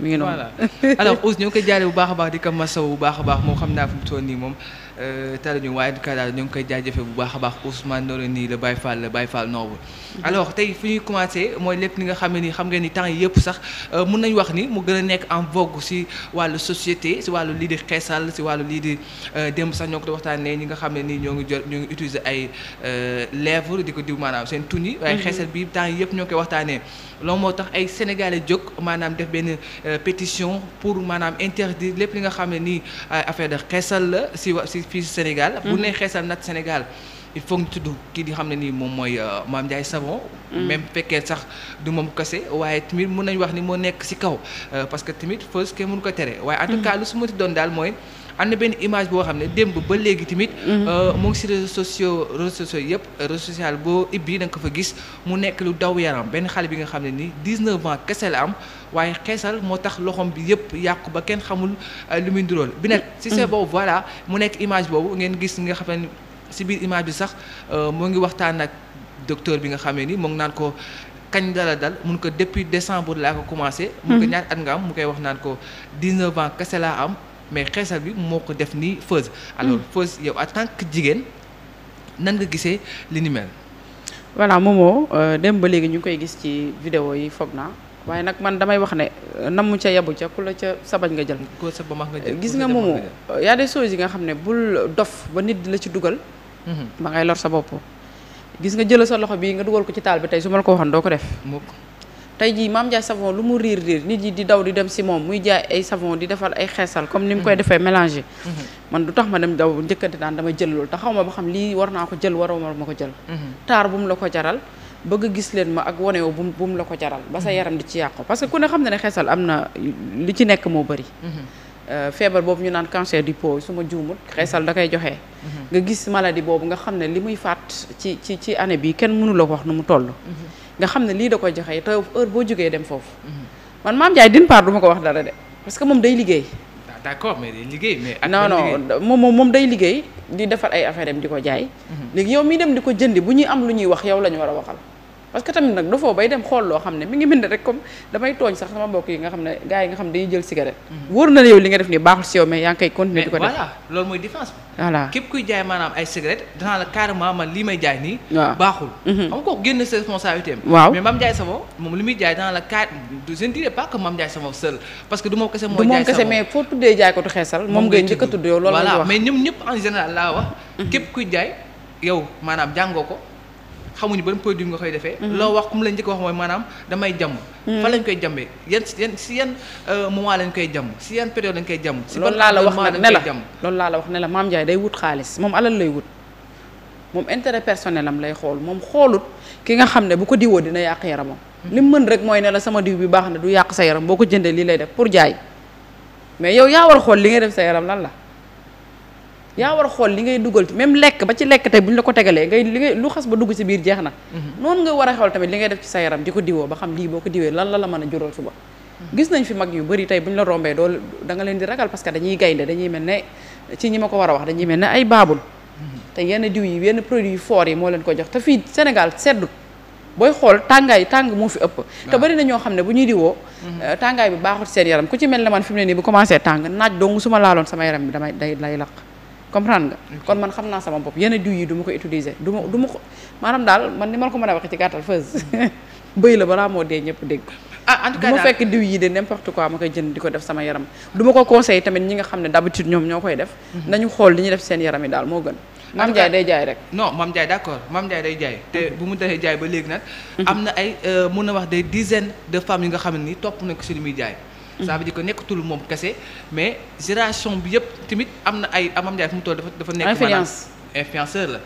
mi ngi noonu voilà alors Ousse ñoo koy baax a baax di ko masawu bu baax a baax moo xam naa fi mu toll nii moom Euh, tala ñu waaye duka daal ñu ngi koy jaajëfe bu baax a baax Ousmane Noreyni la Baye Fall la Baye Fall noobu mm-hmm. alors tey fi ñuy commencé mooy lépp li nga xam ne ni xam ngeen ni temps yëpp sax euh, mun nañ wax ni mu gën a nekk en vogue si wàllu société si wàllu lii di xeesal si wàllu lii di euh, démb sax ñoo ko waxtaanee ñi nga xam ne nii ñoo ngi jot ñoo ngi utiliser ay lèvres di ko diw maanaam seen tun yi waaye mm-hmm. xeesal bi temps yi yëpp ñoo koy waxtaanee loolu moo tax ay sénégalais jóg maanaam def benn pétition pour maanaam interdire lépp li nga xam ne nii affaire de xeesal la si fii si Sénégal. Mm-hmm. bu ne xeesal nat Sénégal. il faut ñu tudd kii di xam ne nii moom mooy euh, maam Ndiaye Savon. Mm-hmm. même fekkee sax du moom kase waaye tamit mun nañ wax ni moo nekk si kaw euh, parce que tamit fausse kenn mun ko tere. waaye en tout mm-hmm. su ma ti doon daal mooy. am na benn image boo xam ne démb ba léegi tamit. moo mhm. euh, ngi si réseaux sociaux réseaux sociaux yëpp réseau social boo ibbi da ko fa gis mu nekk lu daw yaram benn xale bi nga xam ne nii 19 ans kese la am waaye xeesal moo tax loxoom bi yëpp yàqu ba kenn xamul euh, lu muy nduróol si sa mhm. boobu mu nekk image boobu ngeen gis nga xam ne si biir image bi sax euh, moo ngi waxtaan ak docteur bi nga xam ne ni moo ngi naan ko. kañ dala dal mun ko depuis décembre laa ko commencé. mun ko mhm. nga am mu koy wax naan ko 19 ans kese laa am. mais xeesal bi moo ko def nii Feuz alors hmm. Feuz yow en tant que jigéen nan nga gisee li ni mel. Euh, dem ba léegi ñu koy gis ci video yi foog naa waaye nag man damay wax ne euh, namu ca yabu ca ku la ca sabañ nga jël. ko sa bamax nga jël gis nga Momo euh, y a des yi nga xam ne bul dof ba nit di la ci dugal. Hmm. ba ngay lor sa bopp. gis nga jël sa loxo bi nga dugal ko ci taal bi tey su ma la ko waxoon doo ko def. tey jii Mame Ndiaye savon lu mu riir riir nit yi di daw di dem si moom muy jaay ay savon di defal ay xeesal comme ni mu koy mhm. defee mélanger mhm. man du tax ma dem daw njëkkante naan dama jël loolu te xaw ma ba xam lii war naa ko jël waroo ma ko jël mhm. taar bu mu la ko jaral bëgg gis leen ma ak wonewo bu bu mu la ko jaral ba sa yaram di ci yàqu parce que ku ne xam ne ne xeesal am na li ci nekk moo bari Euh, feebar boobu ñu naan cancer du peau su ma juumut xeesal da koy joxe. Mhm. nga gis maladie boobu nga xam ne li muy faat ci ci ci année bi kenn mënu ko wax nu mu toll. Mhm. nga xam ne lii da koy joxe te heure boo jógee dem foofu. Mhm. man maam Ndiaye d'une duma ko wax dara de parce que moom day liggéey. Ah, d'accord mais liggéey mais. ak non non moom moom day liggéey di defar ay affaire am di ko jaay. léegi yow mii dem di ko jënd bu ñuy am lu ñuy wax yow la ñu war a waxal. parce que tamit nag dafoo bay dem xool loo xam ne mi ngi bind rek comme damay tooñ sax sama mbokk yi nga xam ne gars yi nga xam ne dañuy jël cigarette mhm. wóor loolu ay cigarette danaa la carrément man lii waaw baaxul mhm. xam ko génn sa responsabilité am waaw mais Mame Ndiaye Savon moom li muy jaay ngay njëkk a tudd yow loolu mais ñoom ñëpp en général laa wax mhm. képp kuy jaay yow maanaam jàngoo ko xamuñu ban produit nga koy defee. Mhm. loo wax ku la njëkk wax mooy maanaam damay jàmm. Mhm. fa lañ koy jàmbee yan yan si yan euh, moment lañ koy jàmm si yan période lañ koy jàmm. si loolu laa la wax ne la loolu laa la wax ne la Mame Ndiaye day wut xaalis moom alal lay wut. moom intérêt personnel am lay xool moom xoolut ki nga xam ne bu ko diwoo dina yàq yaramam. Mhm. li mu mën rek mooy ne la sama diw bi baax na du yàq sa yaram boo ko jëndee lii lay def pour jaay mais yow yaa war xool li nga def sa yaram lan la. yaa war a xool li ngay dugal même lekk ba ci lekk tey bu ñu la ko tegalee ngay li ngay lu xas ba dugg si biir jeex na mhm. noonu nga war a xool tamit li ngay def ci sa yaram di ko diwoo ba xam lii boo ko diwee lan la la mën a jural suba mhm. gis nañ fi mag yu bëri tey bu ñu la rombee dool da leen di ragal parce que dañuy gaynde dañuy mel ne ci ñi ma ko war a wax dañuy mel ne ay baabul mhm. yenn diw yi yenn produit yu foor yi moo leen ko jox te fii Sénégal seddut booy xool tàngaay tàng moo fi ëpp te bari na ñoo xam ne bu ñuy diwoo euh, tàngaay bi baaxut seen yaram ku ci mel ne man fi mu ne nii bu commencé tàng naaj dong bi damay day lay laq comprendre nga kon man xam naa sama bopp yenn diw yi du ma ko utiliser du ma du ma ko maanaam daal man ni ma ko mën a waxee ci gàttal feuse hmm. bëy la balaa moo dee ñëpp dégg ah en tout cas du ma fekk diw yi di ko def sama yaram du ko conseil tamit ñi nga xam ne d'habitude ñoom ñoo koy def hmm. nañu xool li ñuy def seen yaram yi daal moo gën Mame Ndiaye day jaay rek non Mame Ndiaye d'accord Mame Ndiaye day jaay te bu mu dee jaay ba léegi nag hmm. am na ay euh, mën a wax des dizaines de femmes yi nga xam ne ni topp nañ ko si li muy jaay ça veut dire que nekkatul moom kese mais génération bi yëpp tamit am na ay Mame Ndiaye fu mu toll dafa dafa nekk maanaam influenceur la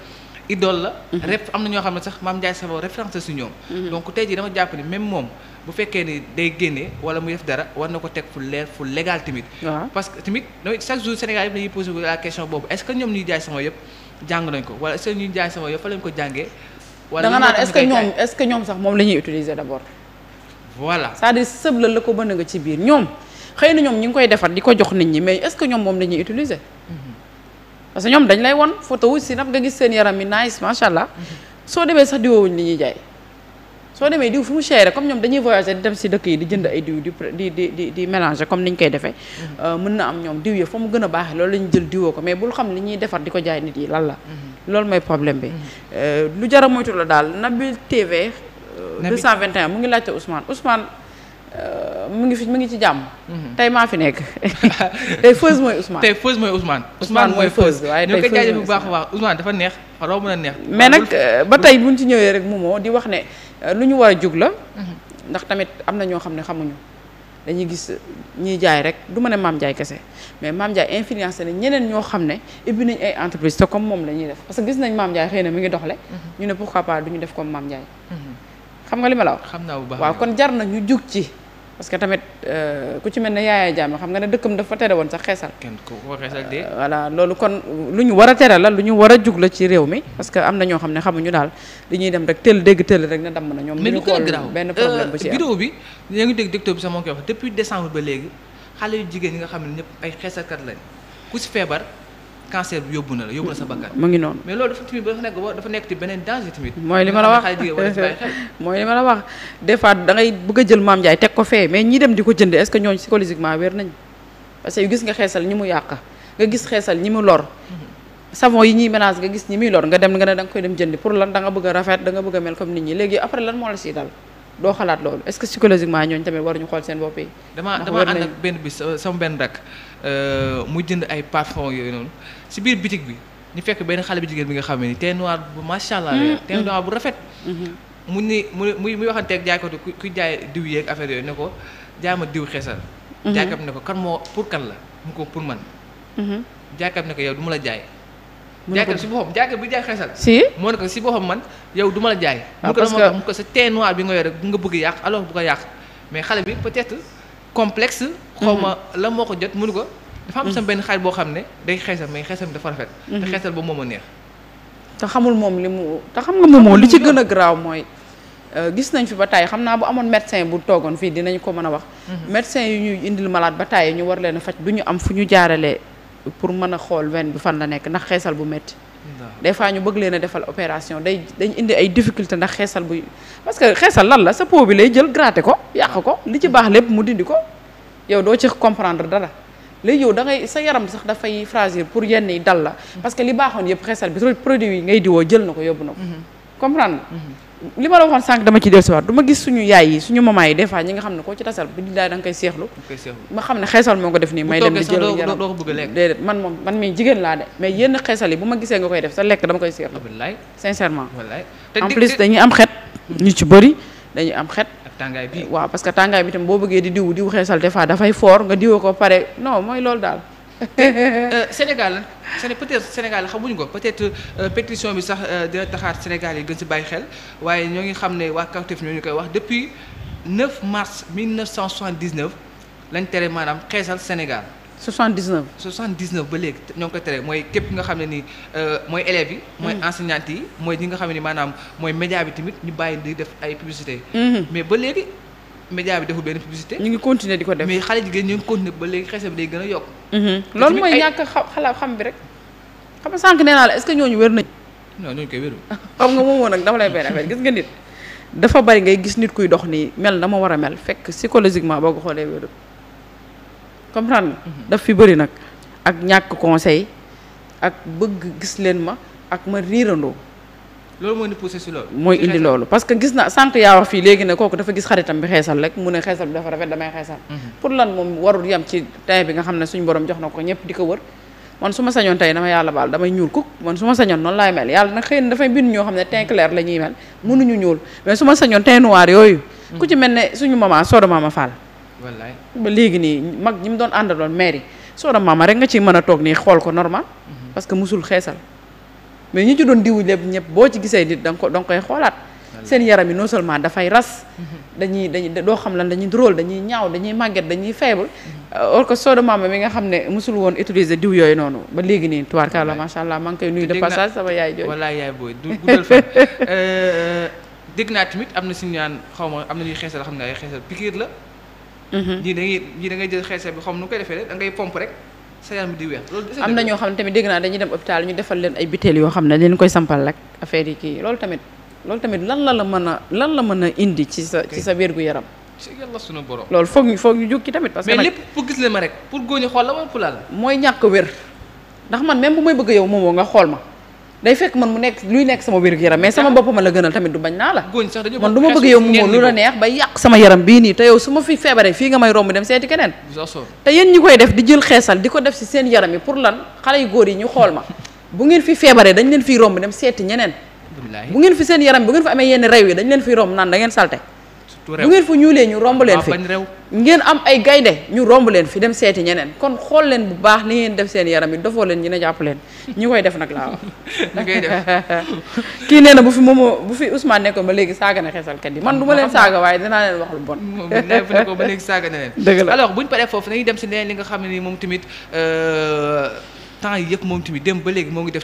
idole la mhm. ref am na ñoo xam ne sax Mame Ndiaye Savon référence si ñoom mhm. donc tey ji dama jàpp ni même moom bu fekkee ni day génne wala muy def dara war na ko teg fu leer fu légal tamit parce que tamit chaque jour Sénégal yëpp dañuy posé boobu est-ce que ñoom ñuy jaay sama yëpp jàng nañ ko wala est-ce que jàngee wala da nga naan est-ce ñoom sax moom la ñuy utiliser voilà c'est-à-dire sëb la la ko mën nga ci biir ñoom xëy na ñoom ñi ngi koy defar di ko jox nit ñi mais est-ce que ñoom moom la ñuy utiliser. Mm-hmm. parce que ñoom dañ lay won photo wu si nag nga gis seen yaram yi nice macha allah. Mm-hmm. soo demee sax diwoowuñ li ñuy jaay. soo demee diw fu mu cher comme ñoom dañuy voyager di dem si dëkk yi di jënd ay diw di di di di di mélanger comme ni ñu koy defee. Mm-hmm. Euh, mën na am ñoom diw ya fa mu gën a baaxee loolu la jël diwoo ko mais bul xam li ñuy defar di ko jaay nit yi lan la. loolu mooy problème bi. Euh, lu jar a moytu la daal Nabil TV. 221 mu ngi laajte Ousmane Ousmane euh, mu ngi fi mu ngi ci jàmm. Mhm. tey maa fi nekk tey Feuz mooy Ousmane. tey Feuz mooy Ousmane. Ousmane mooy Feuz waaye tey Feuz mooy bu baax a dafa neex xaw mën a neex. mais nag euh, ba tey buñ ci ñëwee rek moomoo di wax ne euh, lu ñu war a jug la. Mhm. ndax tamit am na ñoo xam ne xamuñu dañuy gis ñiy jaay rek du ma ne Maam Jaay kese mais Maam Jaay influencé na ñeneen ñoo xam ne ubbi nañ entreprise te comme moom la ñuy def parce que gis nañ Maam Jaay xëy na mi ngi dox le mhm. ne pourquoi pas du ñu def comme Maam Jaay xam nga li ma la wax. xam naa bu baax waaw kon jar na ñu jug ci. parce que tamit euh, ku ci mel ne Yaaya Jammeh xam nga ne dëkkam dafa tere woon sax xeesal. kenn ku euh, loolu kon lu ñu war a tere la lu ñu war a jug la ci réew mi parce que am na ñoo xam ne xamuñu daal dañuy dem rek tëll dégg tëll rek na damm na ñoom. mais lu gën benn problème bu euh, ci am vidéo bi yaa ngi dégg docteur bi sax moo wax depuis décembre ba léegi xale yu jigéen ñi nga xam ne ñëpp ay xeesalkat lañ ku si feebar cancer bi yóbbu na la yóbbu na sa bakkan. mu ngi noonu mooy li ma la wax mooy li ma la wax des fois bëgg jël maam Ndiaye teg ko fee mais ñi dem di ko jënd est-ce que ñooñu psychologiquement wér nañ parce que gis nga xeesal ñi mu yàq nga gis xeesal ñi mu lor. Mm-hmm. savon yi ñuy ménage nga gis ñi muy lor nga dem nga ne da koy dem jëndi pour lan da bëgg rafet da bëgg mel comme nit ñi léegi après lan moo la siy dal doo xalaat loolu est-ce que psychologiquement ñooñu tamit waruñu xool seen bopp yi. dama dama ànd ak benn bis euh, sama benn rak euh, mu jënd ay parfum yooyu noonu si biir bitig bi ñu fekk benn xale bi jigéen bi nga xam ne teint noir bu macha allah. Mm-hmm. teint noir bu rafet. Mm-hmm. mu ni mu muy muy waxanteeg jaay ko ku kuy jaay diw yeek affaire yooyu ne ko jaay ma diw xeesal. Mm-hmm. jaaykat bi ne ko kan moo pour kan la mu ko pour man. jaaykat bi ne ko yow du ma la jaay. jaaykat si boppam jaaykat bi jaay xeesal si moo ne ko si boppam man yow du ma la jaay ah, mu ko dama mu ko sa teint noir bi nga yore nga bëgg yàq alors bu ko yàq mais xale bi peut-être complexe xaw ma mhm. la moo ko jot mënu ko dafa am mhm. sa benn xarit boo xam ne day xeesal mais xeesal bi dafa rafet te mhm. xeesal ba moom a neex te xamul moom li mu te xam nga moomoo li ci gën a garaaw mooy euh, gis nañ fi ba tàyyi xam naa bu amoon médecin bu toogoon fii dinañ ko mën a wax médecin yu ñuy indil malade ba tàyyi ñu war leen a faj du ñu am fu ñu jaaralee pour mën a xool wenn bi fan la nekk ndax xeesal bu métti des fois ñu bëgg leen a defal opération day dañ indi ay difficulté ndax xeesal buy parce que xeesal lan la sa po bi lay jël gratter ko yàq ko li ci baax lépp mu dindi ko yow doo ci comprendre dara lay yow da ngay sa yaram sax dafay fragile pour yenn yi dal la mm-hmm. parce que li baaxoon yëpp xeesal bi produit yi ngay diwoo jël na ko yóbbu na ko mm-hmm. comprendre li ma la waxoon sànq dama ci dellusiwaat du ma gis suñu yaay yi suñu maman yi des fois ñi nga xam ne koo ci tasal bi di daay da nga koy seexlu ma xam ne xeesal moo ko def nii may dem di jël nga koy def sa lekk dama koy seexlu sincèrement en plus dañuy am xet ñu ci bëri dañuy am xet tàngaay bi waaw parce que tàngaay bi tam boo bëggee di diw diw xeesal des fois dafay foor nga diwoo ko pare non mooy loolu daal Euh, Sénégal ce peut être Sénégal xamuñu ko peut être euh, pétition bi sax euh, dina taxaat Sénégal yi gën si bàyyi xel waaye ñoo ngi xam ne waa Kawtef ñoo ñu koy wax depuis 9 mars 1979 lañ tere maanaam xeesal Sénégal. 79 79 ba léegi ñoo ngi ko tere mooy képp nga xam ne ni mooy élèves yi. mooy mm. enseignantes yi mooy ñi nga xam ne ni maanaam mooy média bi tamit ñu bàyyi di def ay publicité. Mm-hmm. mais ba léegi. média bi deful benn publicité. ñu ngi continuer di ko def mais xale jigéen ñu ngi continuer ba léegi xese bi day gën a yokk. Mhm. loolu mooy ñàkk a xalaat xam bi rek. xam nga sànq nee naa est-ce que ñooñu wér nañ non ñooñu koy xam nga moom woon nag dafa lay benn affaire gis nga nit. dafa bari ngay gis nit kuy dox nii mel na ma war a mel fekk psychologiquement boo ko xoolee wéru comprendre mhm. daf fi bëri nag. ak ñàkk conseil ak bëgg gis leen ma ak ma riirandoo. loolu moo ni poussé si mooy indi loolu parce que gis na sànq yaa wax fii léegi ne kooku dafa gis xaritam bi xeesal rek mu ne xeesal bi dafa rafet damay xeesal. Mhm. pour lan moom warul yam ci temps bi nga xam ne suñu borom jox na ko ñëpp di ko wër. man su sañoon tey dama yàlla baal damay ñuul kuk man ma sañoon noonu laay mel yàlla nag na dafay bind ñoo xam ne teint clair la ñuy mel mënuñu ñuul mais su ma sañoon teint noir yooyu. Mhm. ku ci mel ne suñu maman Soda Mama Fall. wallaay ba léegi nii mag ñi mu doon àndaloon mairie Soda Mama rek nga ci mën a toog nii xool ko normal mhm. parce que musul xeesal mais ñu ci doon diwu lépp ñëpp boo ci gisee nit danga ko danga koy xoolaat seen yaram yi non seulement dafay ras mhm. dañuy dañuy doo xam lan dañuy drôle dañuy ñaaw dañuy màgget dañuy faible mhm. euh, or que soo de maama mi nga xam ne musul woon utiliser diw yooyu noonu ba léegi nii tubaarkalla macha allah maa ngi koy nuyu de passage sama yaay jooju wala yaay booy du guddal fan euh, dégg naa timit am na suñu naan xaw ma am na ñuy xeesal xam ne ay xeesal piqûre la mhm. ñii da ngay ñii da ngay jël xeesal bi xaw ma nu koy defee da ngay pompe rek sa yaram bi di am na ñoo xam ne tamit dégg naa dañuy dem hôpital ñu defal leen ay butéel yoo xam ne leen koy sampal rek affaire yi kii loolu tamit loolu tamit lan la la mën a lan la mën a indi ci sa ci sa wér gu yaram ci yàlla loolu foog ñu foog ñu jóg ci tamit parce que lépp pour gis leen ma rek pour góoñu xool la wala pour la mooy ñàkk wér ndax man même bu may bëgg yow moomoo nga xool ma day fekk man mu nekk luy nekk sama wér yaram mais sama bopp la gënal tamit du bañ naa la man du ma bëgg yow mu moom lu la neex bay yàq sama yaram bii nii te yow su ma fi feebaree fii nga may romb dem seeti keneen te yéen ñi koy def di jël xeesal di ko def si seen yaram yi pour lan xale yu góor yi ñu xool ma bu ngeen fi feebaree dañ leen fi romb dem seeti ñeneen bu ngeen fi seen yaram bu ngeen fi amee yenn rew yi dañ leen fi romb naan da ngeen bu ngeen fa ñuulee ñu romb leen fi ngeen am ay gaynde ñu romb leen fi dem seeti ñeneen kon xool leen bu baax li ngeen def seen yaram yi dofoo leen ñi ne jàpp leen ñi koy def nag laa wax kii nee na bu fi moomo bu fi Ousmane nekkoon ba léegi saaga na xeesalkat yi man du ma leen saaga waaye danaa leen wax lu bon bu nekkoon ba léegi saaga na leen dëgg la alors buñ paree foofu nañu dem si leneen li nga xam ne ni moom tamit euh, temps yi yëpp moom tamit dem ba léegi moo ngi def